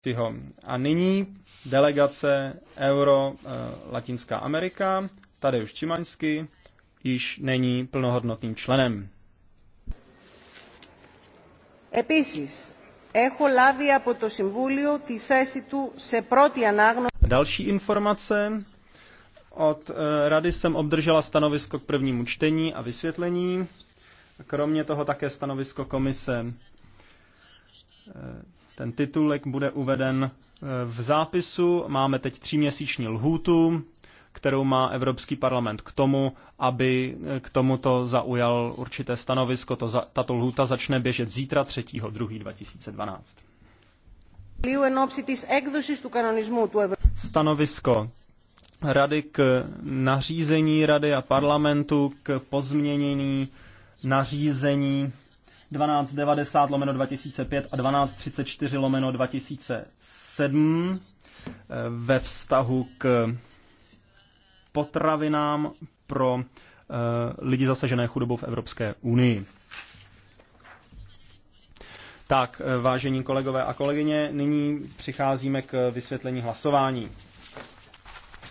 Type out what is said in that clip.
Tyho. A nyní delegace Euro eh, Latinská Amerika, tady už Čimaňsky, již není plnohodnotným členem. Επίσης, έχω λάβει από το Συμβούλιο τη θέση του σε πρώτη ανάγνωση. Další informace. Od eh, Rady jsem obdržela stanovisko k prvnímu čtení a vysvětlení. Kromě toho také stanovisko komise. Eh, ten titulek bude uveden e, v zápisu. Máme teď tříměsíční lhůtu, kterou má Evropský parlament k tomu, aby e, k tomuto zaujal určité stanovisko. To za, tato lhůta začne běžet zítra 3.2.2012. Stanovisko Rady k nařízení Rady a parlamentu k pozměnění nařízení 1290 lomeno 2005 a 1234 lomeno 2007 eh, ve vztahu k potravinám pro eh, lidi zasažené chudobou v Evropské unii. Tak, eh, vážení kolegové a kolegyně, nyní přicházíme k vysvětlení hlasování.